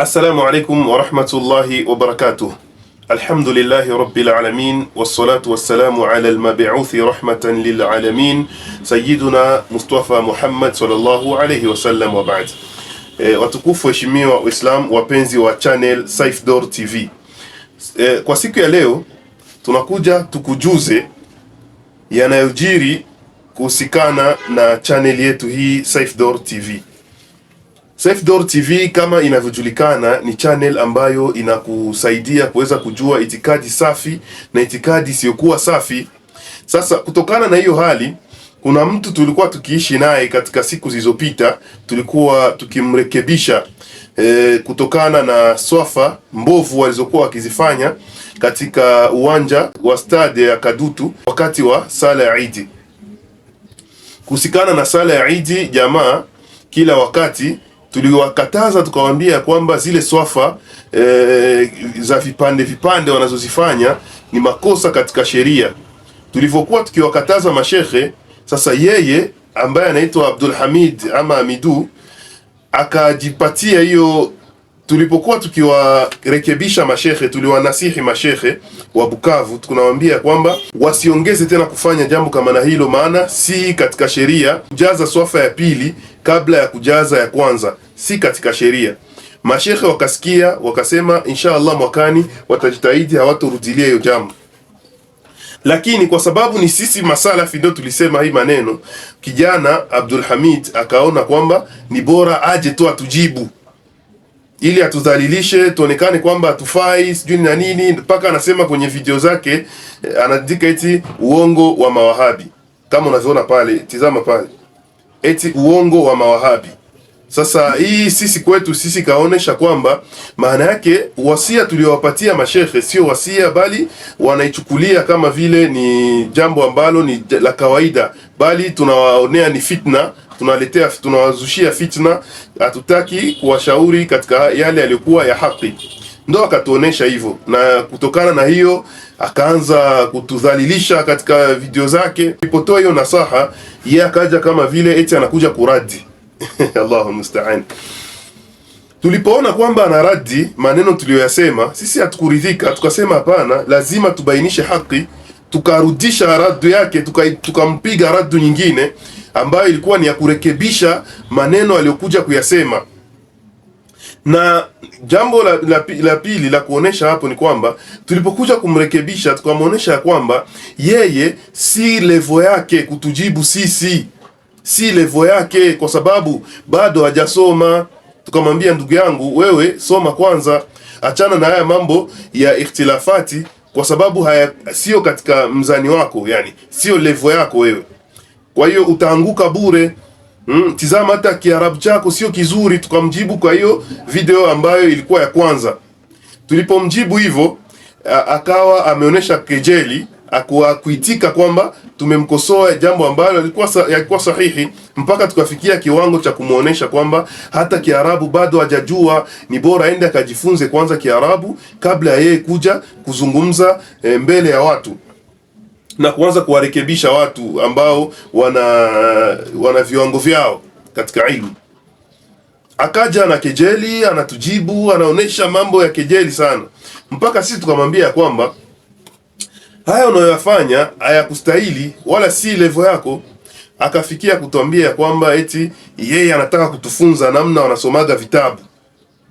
Assalamu alaikum wa wabarakatuh. Alhamdulillahi rabbil alamin wassalatu wassalamu ala almabuthi rahmatan lil alamin sayyiduna Mustafa Muhammad sallallahu alayhi sallam wa ba'd. E, watukufu waheshimiwa Waislam wapenzi wa channel Saif d'or TV. E, kwa siku ya leo tunakuja tukujuze yanayojiri kuhusikana na channel yetu hii Saif d'or TV. Safe Door TV kama inavyojulikana ni channel ambayo inakusaidia kuweza kujua itikadi safi na itikadi isiyokuwa safi. Sasa kutokana na hiyo hali, kuna mtu tulikuwa tukiishi naye katika siku zilizopita, tulikuwa tukimrekebisha e, kutokana na swafa mbovu walizokuwa wakizifanya katika uwanja wa stade ya Kadutu wakati wa sala ya Idi. Kuhusikana na sala ya Idi, jamaa kila wakati tuliwakataza tukawaambia kwamba zile swafa e, za vipande vipande wanazozifanya ni makosa katika sheria. Tulivyokuwa tukiwakataza mashehe, sasa yeye ambaye anaitwa Abdul Hamid ama Amidu akajipatia hiyo. Tulipokuwa tukiwarekebisha mashehe, tuliwanasihi mashehe wa Bukavu, tunawaambia kwamba wasiongeze tena kufanya jambo kama na hilo, maana si katika sheria kujaza swafa ya pili kabla ya kujaza ya kwanza, si katika sheria. Mashekhe wakasikia wakasema, insha Allah mwakani watajitahidi hawatorudilia hiyo jambo. Lakini kwa sababu ni sisi masalafi ndio tulisema hii maneno, kijana Abdul Hamid akaona kwamba ni bora aje tu atujibu ili atudhalilishe tuonekane kwamba hatufai sijui na nini, mpaka anasema kwenye video zake eh, anadika eti uongo wa mawahabi kama unavyoona pale, tizama pale eti uongo wa mawahabi. Sasa hii sisi kwetu sisi kaonesha kwamba maana yake wasia tuliowapatia mashehe sio wasia, bali wanaichukulia kama vile ni jambo ambalo ni la kawaida, bali tunawaonea ni fitna, tunaletea tunawazushia fitna. Hatutaki kuwashauri katika yale yaliyokuwa ya haki ndo akatuonesha hivyo, na kutokana na hiyo akaanza kutudhalilisha katika video zake. Ipotoa hiyo nasaha, yeye akaja kama vile eti anakuja kuradi Allahu musta'an. Tulipoona kwamba anaradi maneno tuliyoyasema sisi, hatukuridhika tukasema, hapana, lazima tubainishe haki. Tukarudisha radu yake, tukampiga tuka radu nyingine ambayo ilikuwa ni ya kurekebisha maneno aliyokuja kuyasema. Na jambo la, la, la pili la kuonesha hapo ni kwamba tulipokuja kumrekebisha tukamwonyesha ya kwamba yeye si levo yake kutujibu sisi, si levo yake, kwa sababu bado hajasoma. Tukamwambia ndugu yangu, wewe soma kwanza, achana na haya mambo ya ikhtilafati kwa sababu haya sio katika mzani wako, yani sio levo yako wewe, kwa hiyo utaanguka bure. Mm, tizama hata Kiarabu chako sio kizuri, tukamjibu kwa hiyo video ambayo ilikuwa ya kwanza. Tulipomjibu hivyo akawa ameonyesha kejeli akuitika kwamba tumemkosoa jambo ambalo yalikuwa yalikuwa sahihi, mpaka tukafikia kiwango cha kumwonyesha kwamba hata Kiarabu bado hajajua, ni bora aende akajifunze kwanza Kiarabu kabla ya yeye kuja kuzungumza e, mbele ya watu na kuanza kuwarekebisha watu ambao wana wana viwango vyao katika ilmu. Akaja na kejeli, anatujibu, anaonesha mambo ya kejeli sana, mpaka sisi tukamwambia kwamba haya unayoyafanya hayakustahili wala si levo yako. Akafikia kutuambia kwamba eti yeye anataka kutufunza namna wanasomaga vitabu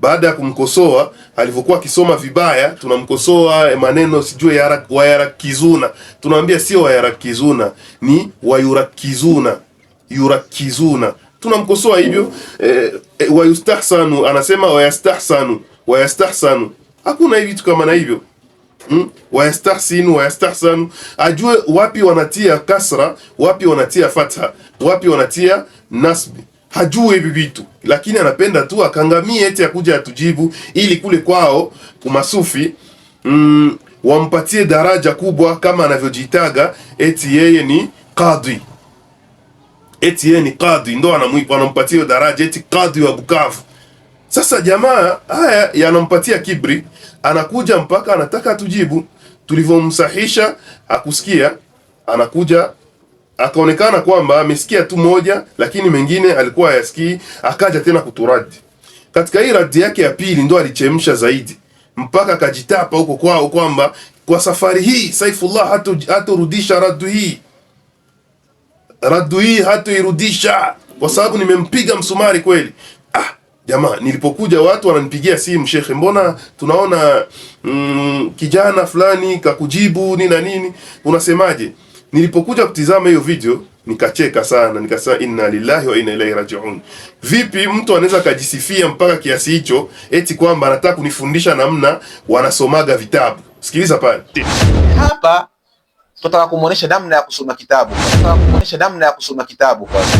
baada ya kumkosoa alivyokuwa akisoma vibaya, tunamkosoa eh, maneno sijui wayarakizuna, tunamwambia sio wayarakizuna, ni wayurakizuna, yurakizuna. Tunamkosoa hivyo e, eh, e, eh, wayustahsanu, anasema wayastahsanu, wayastahsanu. Hakuna hivi tu kama na hivyo Hmm? wayastahsinu wayastahsanu, ajue wapi wanatia kasra, wapi wanatia fatha, wapi wanatia nasbi hajui hivi vitu, lakini anapenda tu akangamie, eti akuja atujibu, ili kule kwao kumasufi mm, wampatie daraja kubwa kama anavyojitaga eti yeye ni kadhi, eti yeye ni kadhi, ndo anamwipa anampatia daraja eti kadhi wa Bukavu. Sasa jamaa haya yanampatia kibri, anakuja mpaka anataka atujibu. Tulivyomsahisha akusikia anakuja akaonekana kwamba amesikia tu moja, lakini mengine alikuwa hayasikii. Akaja tena kuturadi. Katika hii radi yake ya pili ndo alichemsha zaidi, mpaka akajitapa huko kwao kwamba kwa safari hii Saifullah hatu haturudisha radu hii, radu hii hatuirudisha kwa sababu nimempiga msumari kweli. Ah, jamaa, nilipokuja watu wananipigia simu, shekhe, mbona tunaona mm, kijana fulani kakujibu nini na nini, unasemaje? Nilipokuja kutizama hiyo video nikacheka sana, nikasema inna lillahi wa inna ilaihi rajiun. Vipi mtu anaweza kajisifia mpaka kiasi hicho, eti kwamba anataka kunifundisha namna wanasomaga vitabu? Sikiliza pale hapa, tutataka kumuonesha namna ya kusoma kitabu, tutataka kumuonesha namna ya kusoma kitabu. Kwanza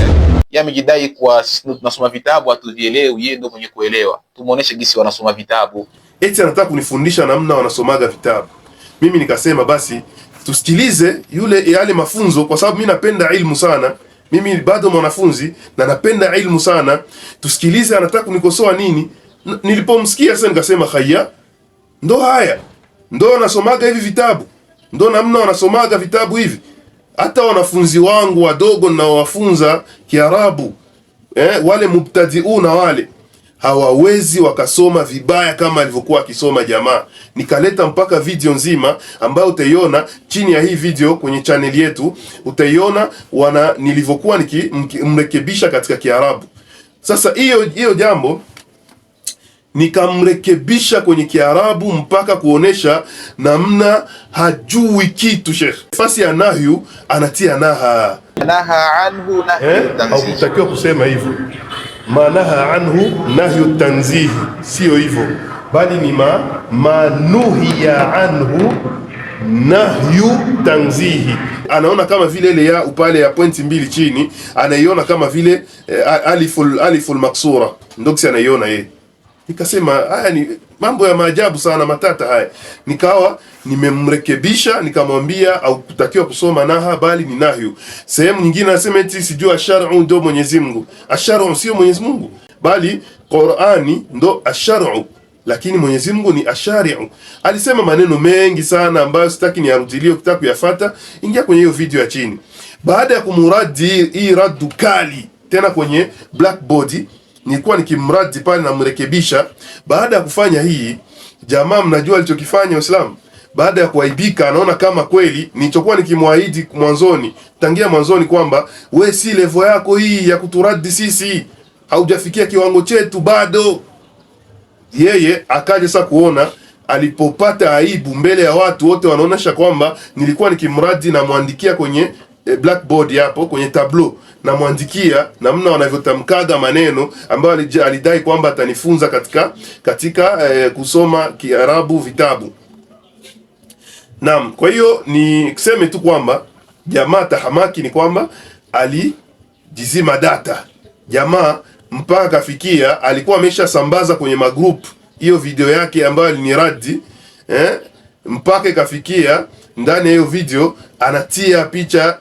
yeye amejidai kwa sisi tunasoma vitabu hatuvielewi, yeye ndio mwenye kuelewa. Tumuoneshe gisi wanasoma vitabu, eti anataka kunifundisha namna wanasomaga vitabu. Mimi nikasema basi tusikilize yule yale mafunzo, kwa sababu mi napenda ilmu sana. Mimi bado mwanafunzi na napenda ilmu sana. Tusikilize anataka kunikosoa nini. nilipomsikia sasa nikasema haya, ndo haya ndo wanasomaga hivi vitabu, ndo namna wanasomaga vitabu hivi. Hata wanafunzi wangu wadogo ninaowafunza Kiarabu eh, wale mubtadiuna wale hawawezi wakasoma vibaya kama alivyokuwa akisoma jamaa. Nikaleta mpaka video nzima ambayo utaiona chini ya hii video kwenye channel yetu, utaiona wana nilivyokuwa nikimrekebisha katika Kiarabu. Sasa hiyo hiyo jambo nikamrekebisha kwenye Kiarabu mpaka kuonesha namna hajui kitu. Sheikh fasi ya nahyu anatia naha naha anhu, nahyu eh, hautakiwa kusema hivyo manaha anhu nahyu tanzihi, sio hivyo bali ni ma manuhiya anhu nahyu tanzihi. Anaona kama vile ile ya upale ya pointi mbili chini anaiona kama vile eh, aliful aliful maksura ndoksi anaiona yeye, nikasema haya ni Mambo ya maajabu sana, matata haya. Nikawa nimemrekebisha nikamwambia, au kutakiwa kusoma naha bali ni nahyu. Sehemu nyingine anasema eti sijui asharu ndio Mwenyezi Mungu. Asharu sio Mwenyezi Mungu, bali Qur'ani ndo asharu, lakini Mwenyezi Mungu ni ashariu. Alisema maneno mengi sana ambayo sitaki niyarudilie, ukitaka kuyafuata ingia kwenye hiyo video ya chini. Baada ya kumuradi hii raddu kali tena kwenye blackboard nilikuwa nikimradi pale namrekebisha. Baada ya kufanya hii, jamaa mnajua alichokifanya Uislamu baada ya kuaibika anaona kama kweli nilichokuwa nikimwaahidi mwanzoni, tangia mwanzoni kwamba we si levo yako hii ya kuturadi sisi, haujafikia kiwango chetu bado. Yeye akaja sasa kuona, alipopata aibu mbele ya watu wote wanaonesha kwamba nilikuwa nikimradi na mwandikia kwenye e, blackboard hapo kwenye tablo, namwandikia namna wanavyotamkada maneno ambayo alidai kwamba atanifunza katika katika e, kusoma Kiarabu vitabu. Naam, kwa hiyo niseme tu kwamba jamaa tahamaki ni kwamba alijizima data jamaa mpaka akafikia alikuwa ameshasambaza kwenye magroup hiyo video yake ambayo aliniradi eh, mpaka ikafikia ndani ya hiyo video anatia picha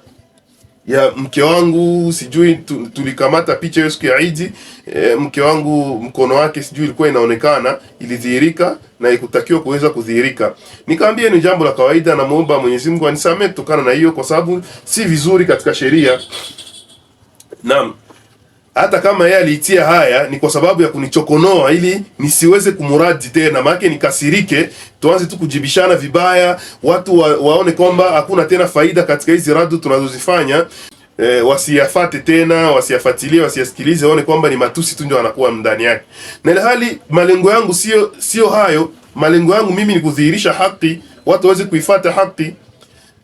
ya mke wangu sijui tulikamata picha hiyo siku ya Idi e, mke wangu mkono wake sijui ilikuwa inaonekana ilidhihirika na ikutakiwa kuweza kudhihirika. Nikamwambia ni jambo la kawaida, namuomba Mwenyezi Mungu anisamehe kutokana na hiyo, kwa sababu si vizuri katika sheria. Naam hata kama yeye aliitia haya ni kwa sababu ya kunichokonoa ili nisiweze kumuradi tena, maana nikasirike, tuanze tu kujibishana vibaya, watu wa, waone kwamba hakuna tena faida katika hizi radu tunazozifanya. E, wasiyafate tena, wasiyafuatilie, wasiyasikilize, waone kwamba ni matusi tu ndio wanakuwa ndani yake, na ile hali malengo yangu sio sio hayo. Malengo yangu mimi ni kudhihirisha haki, watu waweze kuifata haki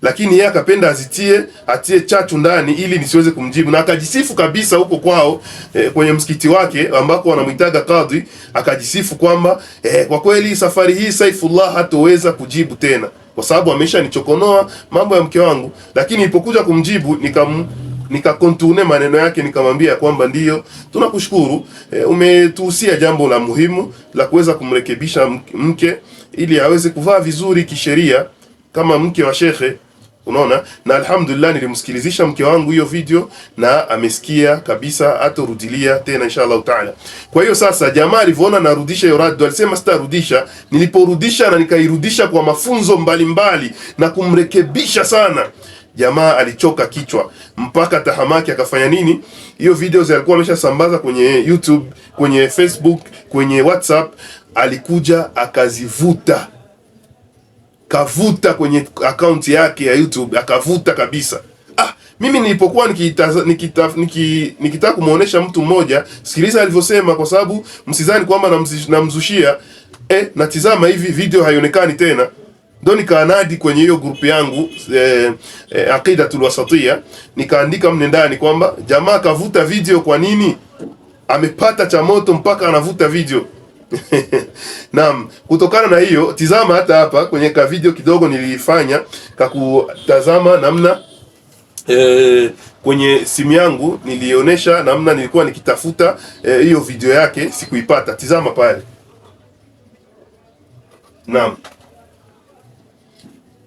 lakini yeye akapenda azitie atie chachu ndani ili nisiweze kumjibu, na akajisifu kabisa huko kwao e, kwenye msikiti wake ambako wanamuitaga kadhi, akajisifu kwamba e, kwa kweli safari hii Saifullah hatoweza kujibu tena kwa sababu amesha nichokonoa mambo ya mke wangu, lakini nilipokuja kumjibu nikam nikakontune maneno yake nikamwambia kwamba ndiyo, tunakushukuru e, umetuhusia jambo la muhimu la kuweza kumrekebisha mke ili aweze kuvaa vizuri kisheria kama mke wa shekhe Unaona, na alhamdulillah nilimsikilizisha mke wangu hiyo video na amesikia kabisa, atarudilia tena inshallah taala. Kwa hiyo sasa, jamaa alivyoona narudisha hiyo radio, alisema sitarudisha. Niliporudisha na nikairudisha kwa mafunzo mbalimbali mbali, na kumrekebisha sana jamaa alichoka kichwa mpaka tahamaki. Akafanya nini? Hiyo videos alikuwa ameshasambaza kwenye YouTube, kwenye Facebook, kwenye WhatsApp, alikuja akazivuta kavuta kwenye akaunti yake ya YouTube akavuta kabisa. Ah, mimi nilipokuwa nikitaka nikita, nikita, nikita kumuonesha mtu mmoja, sikiliza alivyosema, kwa sababu msizani kwamba namzushia eh, natizama hivi video haionekani tena, ndio nikaanadi kwenye hiyo grupu yangu eh, eh, Aqidatul Wasatia, nikaandika mne ndani kwamba jamaa kavuta video. Kwa nini amepata cha moto mpaka anavuta video? Naam, kutokana na hiyo, tizama hata hapa kwenye ka video kidogo nilifanya kakutazama namna e, kwenye simu yangu nilionyesha namna nilikuwa nikitafuta e, hiyo e, video yake sikuipata. Tizama pale. Naam,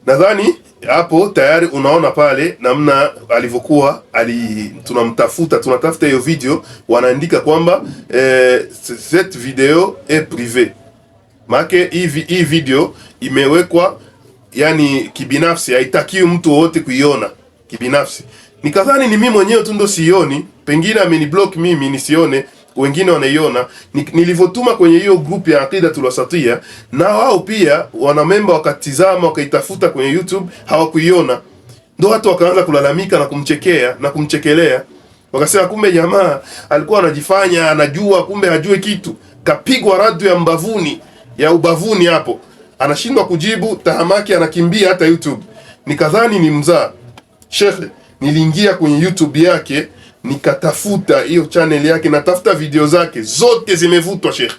nadhani hapo tayari unaona pale namna alivyokuwa ali, tunamtafuta tunatafuta hiyo video, wanaandika kwamba eh, cette video est make maake hii video imewekwa yani kibinafsi, haitakiwi mtu wowote kuiona kibinafsi. Nikadhani ni mimi mwenyewe tu ndo sioni, pengine ameniblock mimi nisione wengine wanaiona nilivyotuma kwenye hiyo group ya aqida tulwasatia na wao pia wana memba wakatizama, wakaitafuta kwenye YouTube, hawakuiona ndo watu wakaanza kulalamika na kumchekea na kumchekelea, wakasema kumbe jamaa alikuwa anajifanya anajua, kumbe hajui kitu. Kapigwa radu ya mbavuni ya ubavuni, hapo anashindwa kujibu, tahamaki, anakimbia hata YouTube. Nikadhani ni mzaa shekhe, niliingia kwenye YouTube yake nikatafuta hiyo channel yake, natafuta video zake zote, zimevutwa shekhe.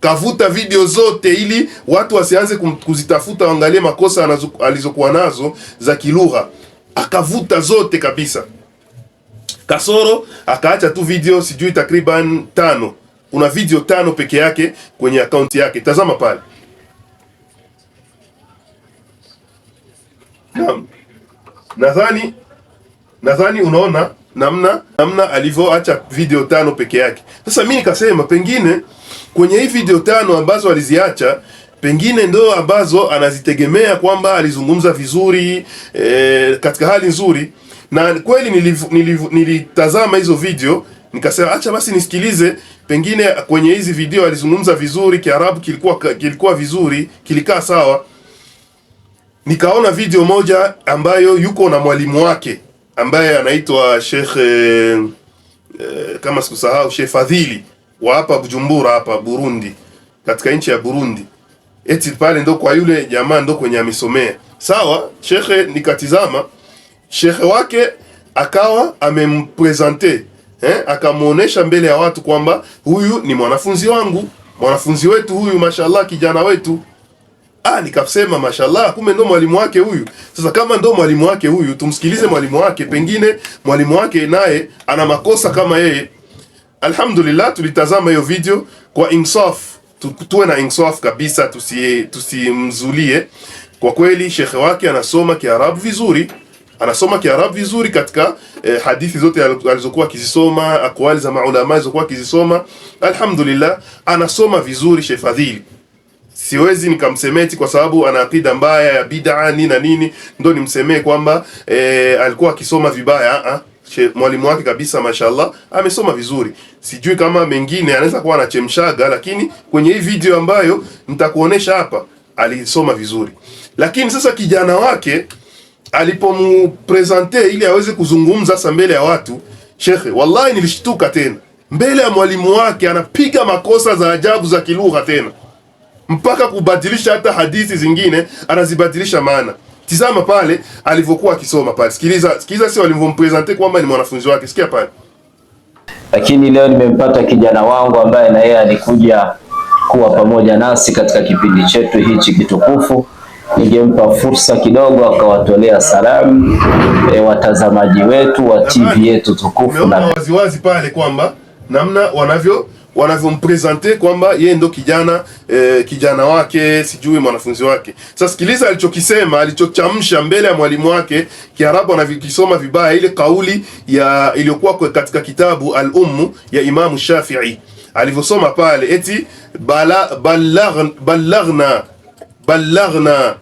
Kavuta video zote ili watu wasianze kuzitafuta waangalie makosa alizokuwa nazo za kilugha. Akavuta zote kabisa, kasoro akaacha tu video sijui takriban tano. Kuna video tano peke yake kwenye akaunti yake, tazama pale. Naam, nadhani nadhani unaona namna namna alivyoacha video tano peke yake. Sasa mimi nikasema pengine kwenye hii video tano ambazo aliziacha pengine ndo ambazo anazitegemea kwamba alizungumza vizuri e, katika hali nzuri, na kweli nilitazama hizo video nikasema acha basi nisikilize, pengine kwenye hizi video alizungumza vizuri, Kiarabu kilikuwa kilikuwa vizuri, kilikaa sawa. Nikaona video moja ambayo yuko na mwalimu wake ambaye anaitwa Sheikh e, kama sikusahau Sheikh Fadhili wa hapa Bujumbura hapa Burundi, katika nchi ya Burundi, eti pale ndo kwa yule jamaa ndo kwenye amesomea. Sawa, shekhe nikatizama shekhe wake akawa amempresente eh, akamuonesha mbele ya watu kwamba huyu ni mwanafunzi wangu, mwanafunzi wetu huyu, mashallah, kijana wetu. Ah, nikasema mashallah, kumbe ndo mwalimu wake huyu. Sasa kama ndo mwalimu wake huyu, tumsikilize mwalimu wake, pengine mwalimu wake naye ana makosa kama yeye. Alhamdulillah, tulitazama hiyo video kwa insaf, tuwe na insaf kabisa, tusimzulie. Tusi kwa kweli shekhe wake anasoma Kiarabu vizuri anasoma Kiarabu vizuri katika eh, hadithi zote alizokuwa akizisoma, akwali za maulama alizokuwa akizisoma. Alhamdulillah, anasoma vizuri Sheikh Fadhili siwezi nikamsemeti kwa sababu ana akida mbaya ya bid'a nini na nini, ndo nimsemee kwamba e, alikuwa akisoma vibaya a ah, mwalimu wake kabisa, mashallah amesoma vizuri. Sijui kama mengine anaweza kuwa anachemshaga, lakini kwenye hii video ambayo nitakuonesha hapa alisoma vizuri. Lakini sasa kijana wake alipomupresente ili aweze kuzungumza sasa mbele ya watu, shekhe, wallahi nilishtuka tena, mbele ya mwalimu wake anapiga makosa za ajabu za kilugha tena mpaka kubadilisha hata hadithi zingine anazibadilisha maana. Tizama pale alivyokuwa akisoma pale, sikiliza, sikiliza sio alivyompresente kwamba ni mwanafunzi wake. Sikia pale. Lakini leo nimempata kijana wangu ambaye na yeye alikuja kuwa pamoja nasi katika kipindi chetu hichi kitukufu. Ningempa fursa kidogo akawatolea salamu e, watazamaji wetu wa TV yetu tukufu, na wazi pale kwamba namna wanavyo wanavyompresente kwamba yeye ndo kijana e, kijana wake sijui mwanafunzi wake. Sasa sikiliza alichokisema alichochamsha mbele ya mwalimu wake Kiarabu anavyokisoma vibaya, ile kauli ya iliyokuwa katika kitabu Al-Ummu ya Imamu Shafi'i alivyosoma pale eti bala, balaghna, balaghna, balaghna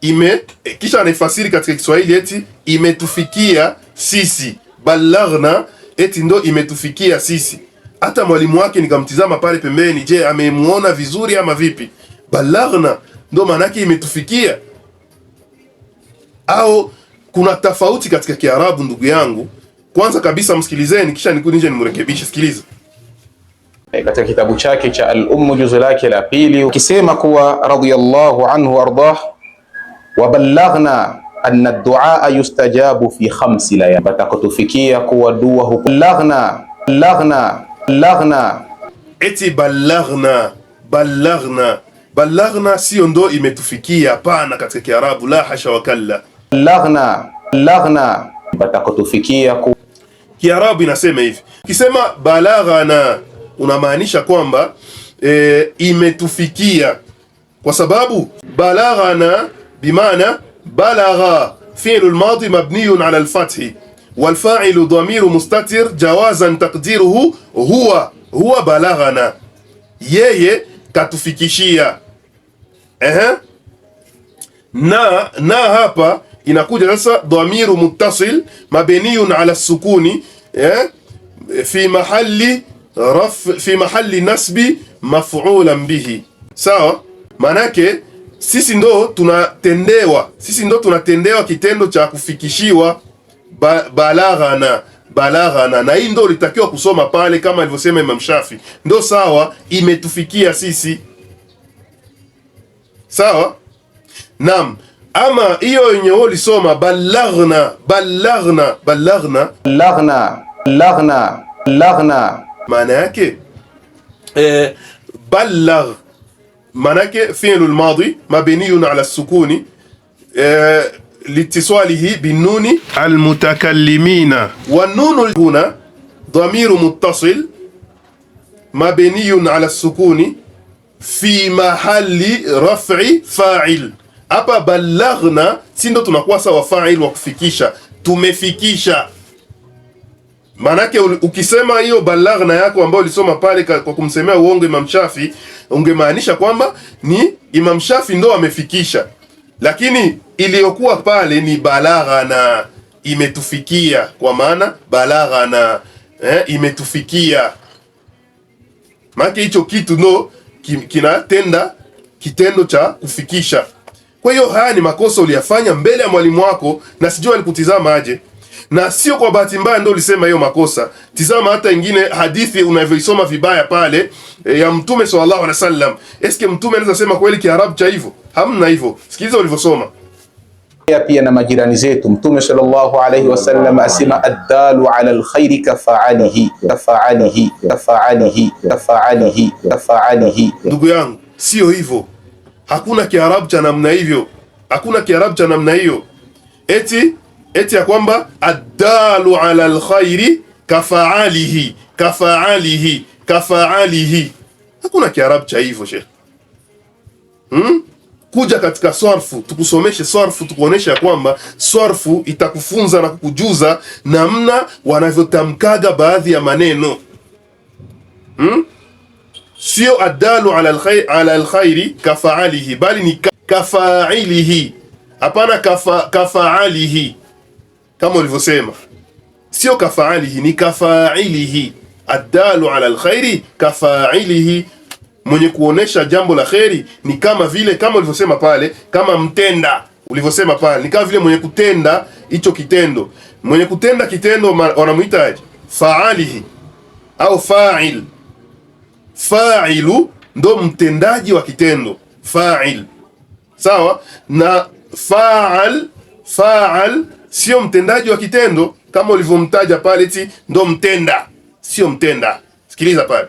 ime kisha anaifasiri katika Kiswahili eti imetufikia sisi balaghna, eti ndo imetufikia sisi hata mwalimu wake nikamtizama pale pembeni, je, amemuona vizuri ama vipi? Balaghna ndo maana yake imetufikia, au kuna tofauti katika Kiarabu ndugu yangu. Kwanza kabisa msikilizeni, kisha nikunje nimrekebishe. Sikiliza eh, katika kitabu chake cha al-Ummu juzu lake la pili, ukisema kuwa radiyallahu anhu ardah wa balaghna anna ad-du'a yustajabu fi khamsi layali, batakotufikia kuwa dua hupokelewa. بلغنا eti balagna balagna balagna siyo ndo imetufikia hapana katika Kiarabu, la hasha wakalla. Balaghna balaghna patakotufikia ku... Kiarabu inasema hivi, ukisema balagana unamaanisha kwamba e, imetufikia kwa sababu balaghana bimaana balagha fi'l al mabniyun ala al-fathi walfa'ilu dhamiru mustatir jawazan taqdiruhu huwa huwa balaghana, yeye katufikishia. Ehe, na na hapa inakuja sasa dhamiru muttasil mabniyun ala sukuni eh, fi mahalli raf fi mahalli nasbi maf'ulan bihi. Sawa, manake sisi ndo tunatendewa, sisi ndo tunatendewa kitendo cha kufikishiwa ba, balagha na balagha na na, hii ndio ulitakiwa kusoma pale, kama alivyosema Imam Shafi. Ndio sawa, imetufikia sisi sawa. Naam, ama hiyo yenye wewe ulisoma balaghna balaghna balaghna balaghna balaghna balaghna, maana yake eh, balagh maana yake fi'lul madi mabniyun ala sukuni eh litiswalihi binuni almutakallimina wannunu huna dhamiru muttasil mabniyun ala sukuni fi mahali raf'i fa'il. Hapa balaghna, si ndo tunakuwa sawa fa'il wa kufikisha, tumefikisha. Maanake ukisema hiyo balaghna yako ambayo ulisoma pale kwa kumsemea uongo Imam Shafi, ungemaanisha kwamba ni Imam Shafi ndo amefikisha lakini iliyokuwa pale ni balagha na imetufikia kwa maana balagha na eh, imetufikia make hicho kitu no kinatenda kitendo cha kufikisha. Kwa hiyo haya ni makosa uliyafanya mbele ya mwalimu wako, na sijui alikutizama aje na sio kwa bahati mbaya ndio ulisema hiyo makosa. Tizama hata ingine hadithi unavyoisoma vibaya pale e, ya mtume sallallahu alaihi wasallam. Eske mtume anaweza sema kweli Kiarabu cha hivyo? Hamna hivyo. Sikiliza ulivyosoma pia na majirani zetu. Mtume sallallahu alaihi wasallam asema addalu ala alkhairi kafaalihi kafaalihi kafaalihi kafaalihi kafaalihi. Ndugu yangu, sio hivyo. Hakuna Kiarabu cha namna hivyo, hakuna Kiarabu cha namna hiyo eti eti ya kwamba addalu ala lkhairi kafaalihi kafaalihi kafaalihi. Hakuna kiarabu cha hivyo shekh, hmm? Kuja katika swarfu tukusomeshe swarfu, ya kwamba swarfu itakufunza na kukujuza namna wanavyotamkaga baadhi ya maneno hmm? Sio adalu ala lkhairi ala kafaalihi, bali ni kafailihi, hapana kafa, kafaalihi kama ulivyosema, sio kafaalihi, ni kafailihi. Addalu ala alkhairi kafailihi, mwenye kuonesha jambo la kheri ni kama vile, kama ulivyosema pale, kama mtenda ulivyosema pale, ni kama vile mwenye kutenda hicho kitendo. Mwenye kutenda kitendo wanamuitaje? Faalihi au fa'il. Fa'ilu ndo mtendaji wa kitendo fa'il, sawa na fa'al. Fa'al sio mtendaji wa kitendo kama ulivyomtaja pale, eti ndo mtenda, sio mtenda. Sikiliza pale,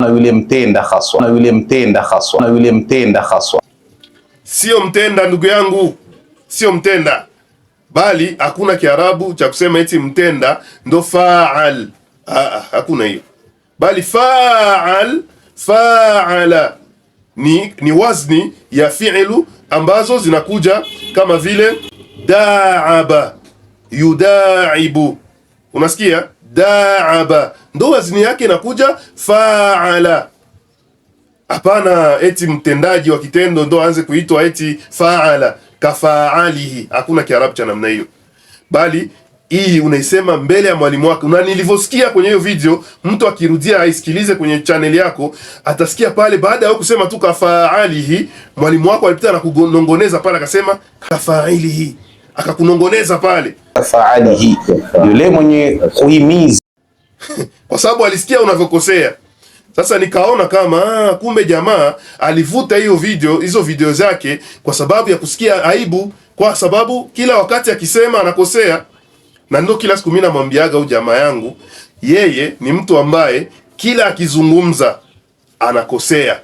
na yule mtenda haswa, na yule mtenda haswa, na yule mtenda haswa, sio mtenda, ndugu yangu, sio mtenda, bali hakuna Kiarabu cha kusema eti mtenda ndo faal. ah, ah hakuna hiyo, bali faal faala ni, ni wazni ya fiilu ambazo zinakuja kama vile daaba yudaibu, unasikia daaba, ndo wazini yake inakuja faala. Hapana eti mtendaji wa kitendo ndo aanze kuitwa eti faala kafaalihi, hakuna kiarabu cha namna hiyo, bali hii unaisema mbele ya mwalimu wako. Na nilivyosikia kwenye hiyo video, mtu akirudia aisikilize kwenye channel yako, atasikia pale baada ya kusema tu kafaalihi, mwalimu wako alipita na kunongoneza pale, akasema kafailihi akakunongoneza pale faalihi, yule mwenye kuhimiza kwa sababu alisikia unavyokosea. Sasa nikaona kama ah, kumbe jamaa alivuta hiyo video, hizo video zake kwa sababu ya kusikia aibu, kwa sababu kila wakati akisema anakosea. Na ndio kila siku mimi namwambiaga huyu jamaa yangu, yeye ni mtu ambaye kila akizungumza anakosea,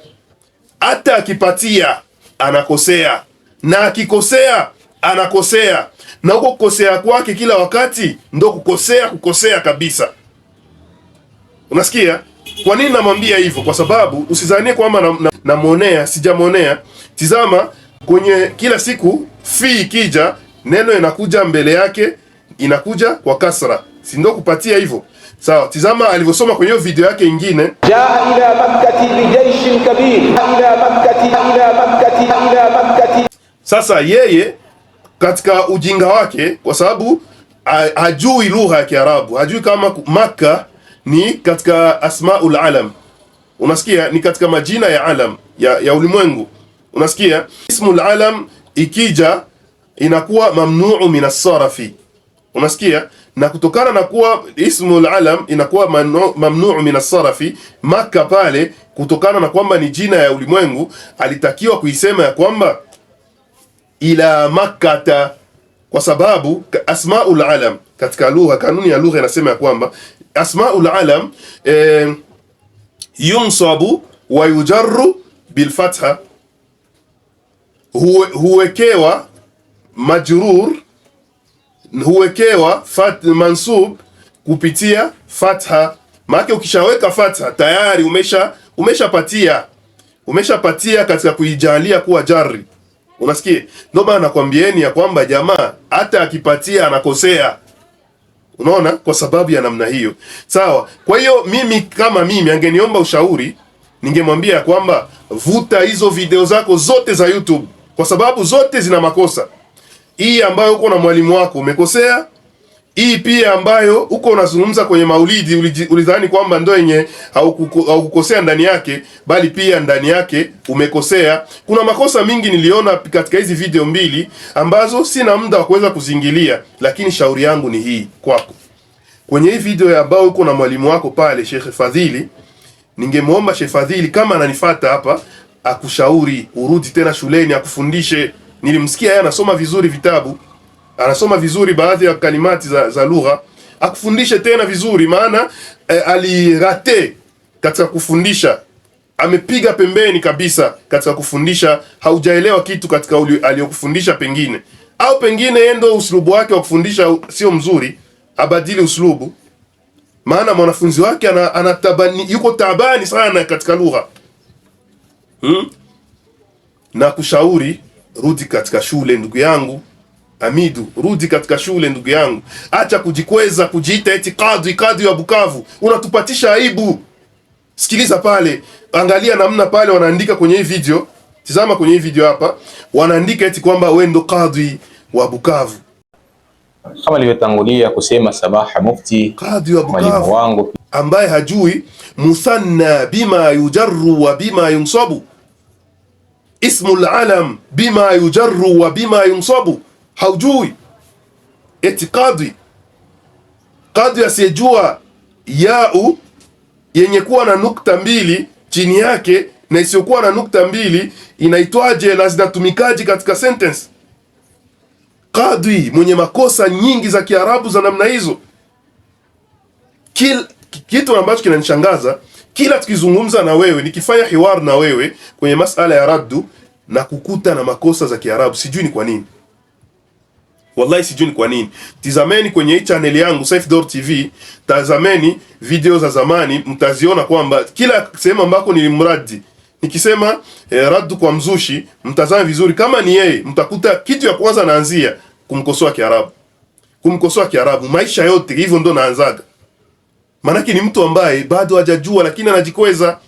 hata akipatia anakosea, na akikosea anakosea, na huko kukosea kwake kila wakati ndo kukosea, kukosea kabisa. Unasikia? Kwa nini namwambia hivyo? Kwa sababu usizanie kwamba namwonea na, na sijamwonea. Tizama kwenye kila siku fi ikija neno inakuja mbele yake inakuja kwa kasra, si ndo kupatia hivyo sawa? Tizama alivyosoma kwenye video yake ingine, jaa ila makkati bi kabir ila makkati ila makkati ila makkati. Sasa yeye katika ujinga wake, kwa sababu hajui lugha ya Kiarabu, hajui kama Makka ni katika asmaul alam, unasikia ni katika majina ya alam ya, ya ulimwengu, unasikia ismul alam ikija inakuwa mamnuu min asarafi, unasikia na kutokana na kuwa ismul alam inakuwa mamnuu min asarafi, Makka pale, kutokana na kwamba ni jina ya ulimwengu, alitakiwa kuisema ya kwamba ila Makkata, kwa sababu asmaul alam katika lugha, kanuni ya lugha inasema ya kwamba asmaul alam e, eh, yunsabu wa yujarru bilfatha, huwekewa majrur, huwekewa fat, mansub kupitia fatha. Maana ukishaweka fatha tayari umesha umeshapatia umeshapatia katika kuijalia kuwa jari Unasikia? Ndio maana nakwambieni ya kwamba jamaa hata akipatia anakosea. Unaona, kwa sababu ya namna hiyo. Sawa. Kwa hiyo mimi kama mimi angeniomba ushauri, ningemwambia kwamba vuta hizo video zako zote za YouTube kwa sababu zote zina makosa. Hii ambayo uko na mwalimu wako umekosea, hii pia ambayo huko unazungumza kwenye maulidi ulidhani kwamba ndio yenye haukukosea ndani yake, bali pia ndani yake umekosea. Kuna makosa mingi niliona katika hizi video mbili ambazo sina muda wa kuweza kuzingilia, lakini shauri yangu ni hii kwako, kwenye hii video ambayo uko na mwalimu wako pale Sheikh Fadhili, ningemwomba Sheikh Fadhili kama ananifuata hapa akushauri urudi tena shuleni akufundishe. Nilimsikia yeye anasoma vizuri vitabu anasoma vizuri baadhi ya kalimati za, za lugha akufundishe tena vizuri, maana e, alirate katika kufundisha, amepiga pembeni kabisa katika kufundisha. Haujaelewa kitu katika aliyokufundisha pengine, au pengine yeye ndo uslubu wake wa kufundisha sio mzuri, abadili uslubu, maana mwanafunzi wake ana, ana tabani, yuko tabani sana katika lugha hmm? na kushauri, rudi katika shule ndugu yangu. Hamidu, rudi katika shule ndugu yangu, acha kujikweza kujiita eti kadhi kadhi wa Bukavu, unatupatisha aibu. Sikiliza pale, angalia namna pale wanaandika kwenye hii video, tizama kwenye hii video hapa, wanaandika eti kwamba wewe ndo kadhi wa Bukavu. Kama nilivyotangulia kusema Sabaha Mufti, kadhi wa Bukavu wangu ambaye hajui musanna bima yujarru wa bima yunsabu, ismul alam bima yujarru wa bima yunsabu haujui eti kadhi kadhi asiyejua yau yenye kuwa na nukta mbili chini yake na isiyokuwa na nukta mbili inaitwaje na zinatumikaji katika sentence? Kadhi mwenye makosa nyingi za Kiarabu za namna hizo. Kil, kitu ambacho kinanishangaza kila tukizungumza na wewe, nikifanya hiwar na wewe kwenye masala ya raddu na kukuta na makosa za Kiarabu, sijui ni kwa nini. Wallahi sijui ni kwa nini. Tizameni kwenye hii channel yangu Saif d'or TV, tazameni video za zamani, mtaziona kwamba kila sehemu ambako nilimradi nikisema eh, raddu kwa mzushi, mtazame vizuri kama ni yeye, mtakuta kitu ya kwanza naanzia kumkosoa Kiarabu, kumkosoa Kiarabu maisha yote hivyo ndo naanzaga. Maanake ni mtu ambaye bado hajajua, lakini anajikweza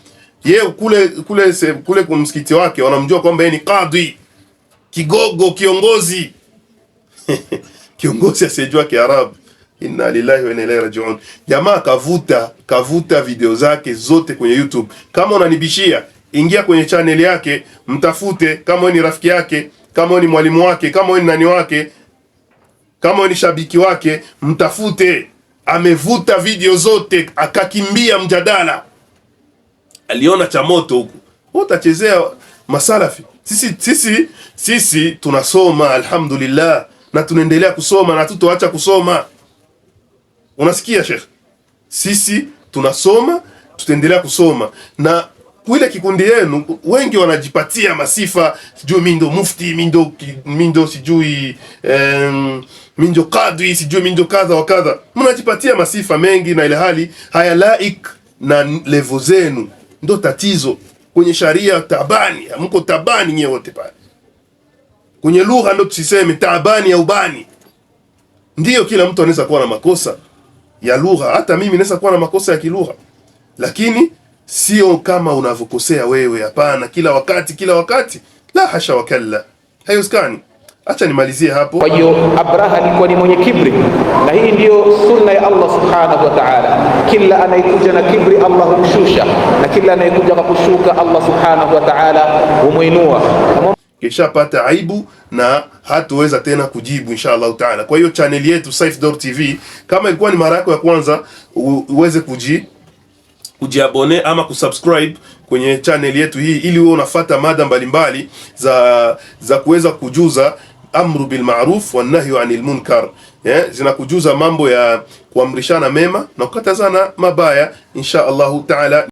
ye kule kule kule kumsikiti wake, wanamjua kwamba yeye ni kadhi, kigogo, kiongozi kiongozi asiyejua Kiarabu. Inna lillahi wa inna ilaihi rajiun. Jamaa kavuta kavuta video zake zote kwenye YouTube. Kama unanibishia, ingia kwenye channel yake, mtafute. Kama wewe ni rafiki yake, kama wewe ni mwalimu wake, kama wewe ni nani wake, kama wewe ni shabiki wake, mtafute. Amevuta video zote, akakimbia mjadala, aliona cha moto huko. Utachezea masalafi. Sisi sisi sisi tunasoma, alhamdulillah na tunaendelea kusoma na tutoacha kusoma. Unasikia Sheikh, sisi tunasoma, tutaendelea kusoma na ile kikundi yenu wengi wanajipatia masifa, sijui mimi ndo mufti, mimi ndo mimi ndo sijui um, mimi ndo kadhi, sijui mimi ndo kadha wa kadha. Mnajipatia masifa mengi na ile hali haya laik na levo zenu, ndo tatizo kwenye sharia. Tabani mko tabani nyewe wote pale kwenye lugha ndio tusiseme taabani ya ubani. Ndiyo, kila mtu anaweza kuwa na makosa ya lugha, hata mimi naweza kuwa na makosa ya kilugha, lakini sio kama unavyokosea wewe. Hapana, kila wakati, kila wakati, la hasha wakalla, haiwezekani. Acha nimalizie hapo. Kwa hiyo Abraha alikuwa ni mwenye kibri, na hii ndiyo sunna ya Allah subhanahu wa ta'ala. Kila anayekuja na kibri Allah humshusha, na kila anayekuja kwa kushuka Allah subhanahu wa ta'ala humwinua keshapata aibu na hatuweza tena kujibu inshallah taala. Kwa hiyo channel yetu Saif TV, kama ilikuwa ni mara yako ya kwanza, uweze kuji kujiabone ama kusubscribe kwenye channel yetu hii, ili wewe unafata mada mbalimbali mbali za za kuweza kujuza amru bil ma'ruf wa nahyu anil munkar yeah, zinakujuza mambo ya kuamrishana mema na kukatazana mabaya insha Allahu taala.